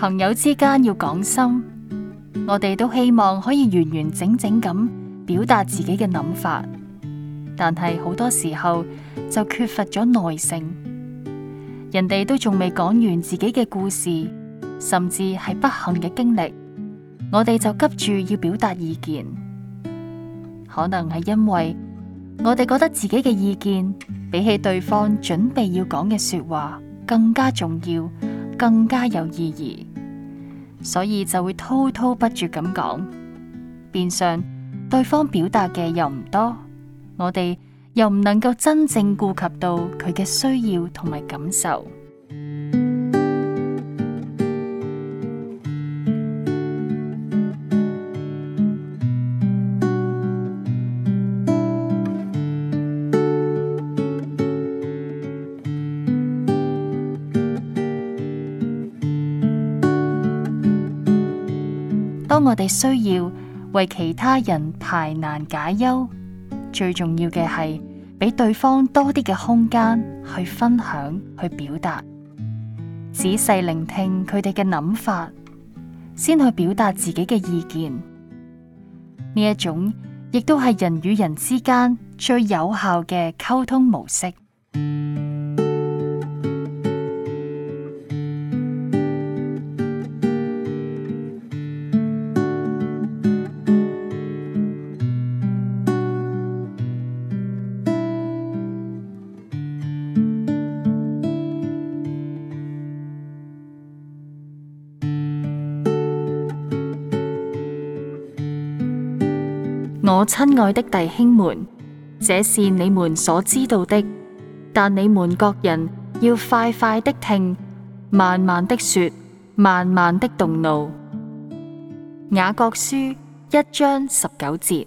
朋友之間要講心，我哋都希望可以完完整整咁表達自己嘅諗法，但係好多時候就缺乏咗耐性。人哋都仲未講完自己嘅故事，甚至係不幸嘅經歷，我哋就急住要表達意見。可能係因為我哋覺得自己嘅意見比起對方準備要講嘅說話更加重要，更加有意義。所以就會滔滔不絕咁講，變相對方表達嘅又唔多，我哋又唔能夠真正顧及到佢嘅需要同埋感受。當我哋需要為其他人排難解憂，最重要嘅係俾對方多啲嘅空間去分享、去表達，仔細聆聽佢哋嘅諗法，先去表達自己嘅意見。呢一種亦都係人與人之間最有效嘅溝通模式。我親愛的弟兄們，這是你們所知道的，但你們各人要快快的聽，慢慢的說，慢慢的動怒。雅各書一章十九節。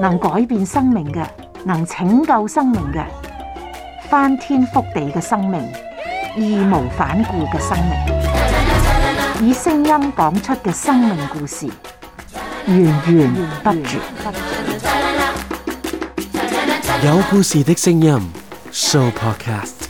能改變生命嘅，能拯救生命嘅，翻天覆地嘅生命，義無反顧嘅生命，以聲音講出嘅生命故事，源源不絕。有故事的聲音，Show Podcast。